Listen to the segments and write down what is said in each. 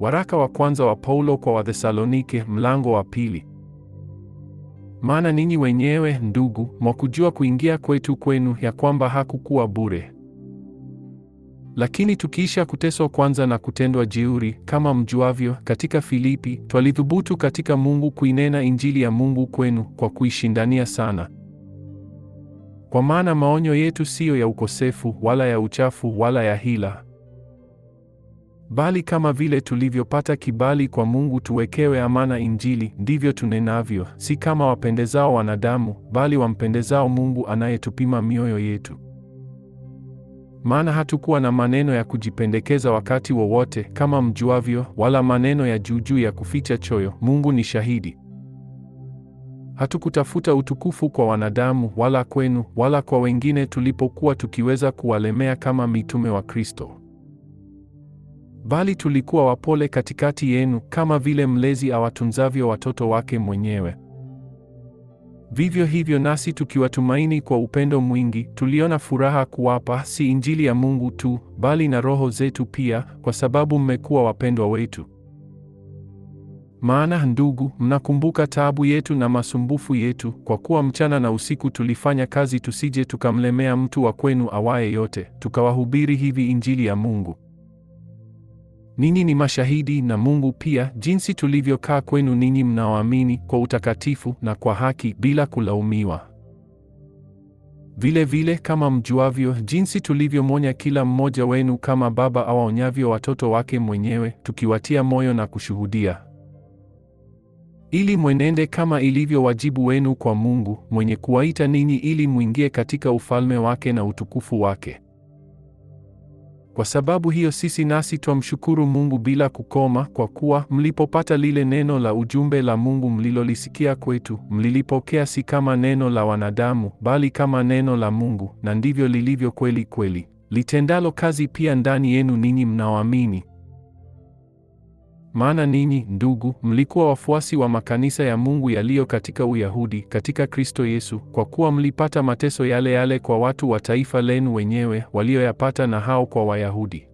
Waraka wa kwanza wa Paulo kwa Wathesalonike mlango wa pili. Maana ninyi wenyewe ndugu, mwakujua kuingia kwetu kwenu ya kwamba hakukuwa bure. Lakini tukiisha kuteswa kwanza na kutendwa jeuri, kama mjuavyo, katika Filipi, twalithubutu katika Mungu kuinena injili ya Mungu kwenu kwa kuishindania sana. Kwa maana maonyo yetu siyo ya ukosefu, wala ya uchafu, wala ya hila bali kama vile tulivyopata kibali kwa Mungu tuwekewe amana Injili, ndivyo tunenavyo, si kama wapendezao wanadamu, bali wampendezao Mungu anayetupima mioyo yetu. Maana hatukuwa na maneno ya kujipendekeza wakati wowote, kama mjuavyo, wala maneno ya juujuu ya kuficha choyo. Mungu ni shahidi. Hatukutafuta utukufu kwa wanadamu, wala kwenu, wala kwa wengine, tulipokuwa tukiweza kuwalemea kama mitume wa Kristo bali tulikuwa wapole katikati yenu, kama vile mlezi awatunzavyo watoto wake mwenyewe. Vivyo hivyo nasi tukiwatumaini kwa upendo mwingi, tuliona furaha kuwapa si Injili ya Mungu tu, bali na roho zetu pia, kwa sababu mmekuwa wapendwa wetu. Maana ndugu, mnakumbuka taabu yetu na masumbufu yetu, kwa kuwa mchana na usiku tulifanya kazi, tusije tukamlemea mtu wa kwenu awaye yote, tukawahubiri hivi Injili ya Mungu ninyi ni mashahidi na Mungu pia jinsi tulivyokaa kwenu ninyi mnaoamini kwa utakatifu na kwa haki bila kulaumiwa. Vile vile kama mjuavyo jinsi tulivyomwonya kila mmoja wenu kama baba awaonyavyo watoto wake mwenyewe, tukiwatia moyo na kushuhudia, ili mwenende kama ilivyo wajibu wenu kwa Mungu mwenye kuwaita ninyi ili mwingie katika ufalme wake na utukufu wake. Kwa sababu hiyo sisi nasi twamshukuru Mungu bila kukoma, kwa kuwa mlipopata lile neno la ujumbe la Mungu mlilolisikia kwetu, mlilipokea si kama neno la wanadamu, bali kama neno la Mungu, na ndivyo lilivyo kweli kweli, litendalo kazi pia ndani yenu ninyi mnaoamini. Maana nini, ndugu, mlikuwa wafuasi wa makanisa ya Mungu yaliyo katika Uyahudi katika Kristo Yesu, kwa kuwa mlipata mateso yale yale kwa watu wa taifa lenu wenyewe walioyapata na hao kwa Wayahudi,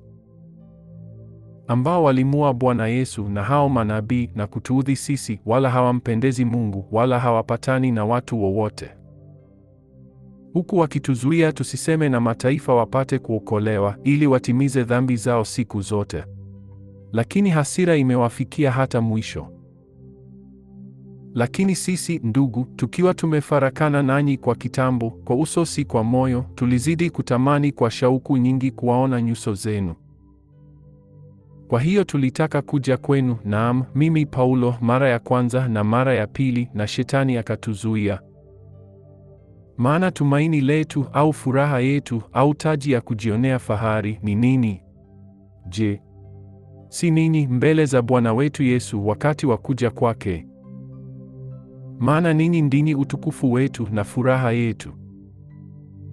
ambao walimua Bwana Yesu na hao manabii na kutuudhi sisi, wala hawampendezi Mungu wala hawapatani na watu wowote, huku wakituzuia tusiseme na mataifa wapate kuokolewa, ili watimize dhambi zao siku zote lakini hasira imewafikia hata mwisho. Lakini sisi ndugu, tukiwa tumefarakana nanyi kwa kitambo, kwa uso si kwa moyo, tulizidi kutamani kwa shauku nyingi kuwaona nyuso zenu. Kwa hiyo tulitaka kuja kwenu, naam, mimi Paulo, mara ya kwanza na mara ya pili, na shetani akatuzuia. Maana tumaini letu au furaha yetu au taji ya kujionea fahari ni nini? Je, si ninyi, mbele za Bwana wetu Yesu wakati wa kuja kwake. Maana ninyi ndini utukufu wetu na furaha yetu.